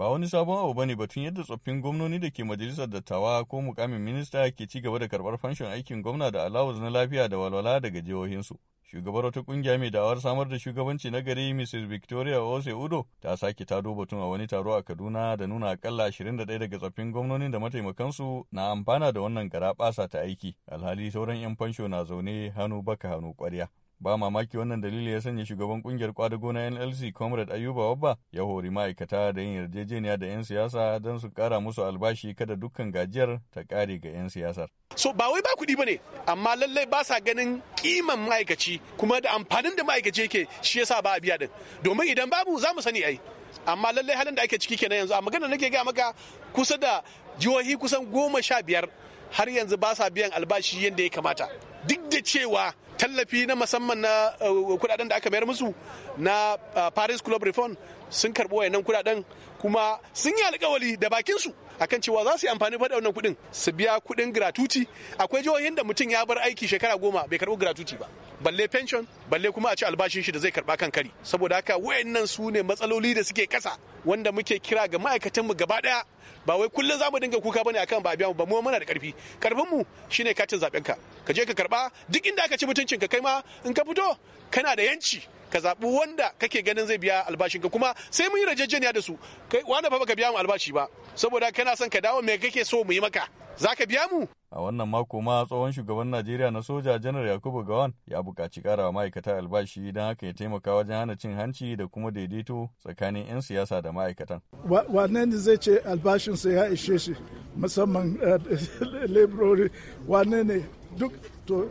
Ba wani sabon abu bane batun yadda tsoffin gwamnoni da ke majalisar dattawa ko mukamin minista ke ci gaba da karbar fanshon aikin gwamna da alawus na lafiya da walwala daga jihohinsu. Shugabar wata kungiya mai da'awar samar da shugabanci na gari Mrs. Victoria Ose Udo ta sake tado batun a wani taro a Kaduna da nuna akalla 21 daga tsoffin gwamnonin da mataimakansu na amfana da wannan gara ta aiki. Alhali sauran 'yan fansho na zaune hannu baka hannu kwarya. ba mamaki wannan dalili ya sanya shugaban kungiyar kwadago na nlc comrade ayuba wabba ya hori ma'aikata da yin yarjejeniya da 'yan siyasa don su kara musu albashi kada dukkan gajiyar ta kare ga 'yan siyasar so ba wai ba kuɗi ba ne amma lallai ba sa ganin kiman ma'aikaci kuma da amfanin da ma'aikaci yake shi yasa ba a biya din domin idan babu za mu sani ai amma lallai halin da ake ciki kenan yanzu a magana nake gaya maka kusa da jihohi kusan goma sha biyar har yanzu ba sa biyan albashi yadda ya kamata duk da cewa tallafi na musamman na uh, kudaden da aka mayar musu na uh, paris club reform sun karbi wayannan kudaden kuma sun yi alkawali da bakin su akan cewa za su yi amfani da wannan kudin su biya kudin gratuity akwai jihohin da mutum ya bar aiki shekara goma bai karbi gratuity ba balle pension balle kuma a ci albashin shi da zai karba kan kari saboda haka wayannan su ne matsaloli da suke kasa wanda muke kira ga ma'aikatan mu gaba daya ba wai kullum za mu dinga kuka bane akan ba biya mu ba mu muna da karfi karfin mu shine katin zaben ka ka je ka karba duk inda aka ci mutuncin kai ma in ka fito kana da yanci ka zaɓi wanda kake ganin zai biya albashinka kuma sai mun yi rajajjeniya da su kai wanda ba baka biya mu albashi ba saboda kana son ka dawo me kake so mu yi maka za ka biya mu a wannan mako ma tsohon shugaban najeriya na soja janar yakubu gawan ya buƙaci ƙara ma'aikata albashi don haka ya taimaka wajen hana cin hanci da kuma daidaito tsakanin 'yan siyasa da ma'aikatan wane ne zai ce albashinsa ya ishe shi musamman eh, laborori wane ne duk to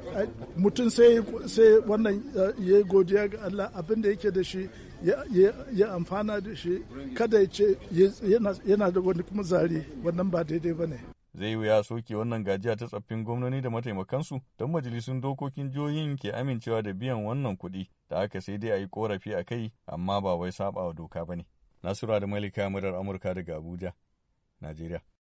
mutum sai wannan ya godiya ga Allah abin da yake da shi ya amfana da shi kada ya ce yana da wani kuma zari wannan ba daidai ba ne. zai wuya soke wannan gajiya ta tsaffin gwamnoni da mataimakansu don majalisun dokokin jihohin ke amincewa da biyan wannan kuɗi da aka sai dai a yi korafi a kai amma ba wai saba wa doka ba ne. Nasura da Malika Amurka daga Abuja, Najeriya.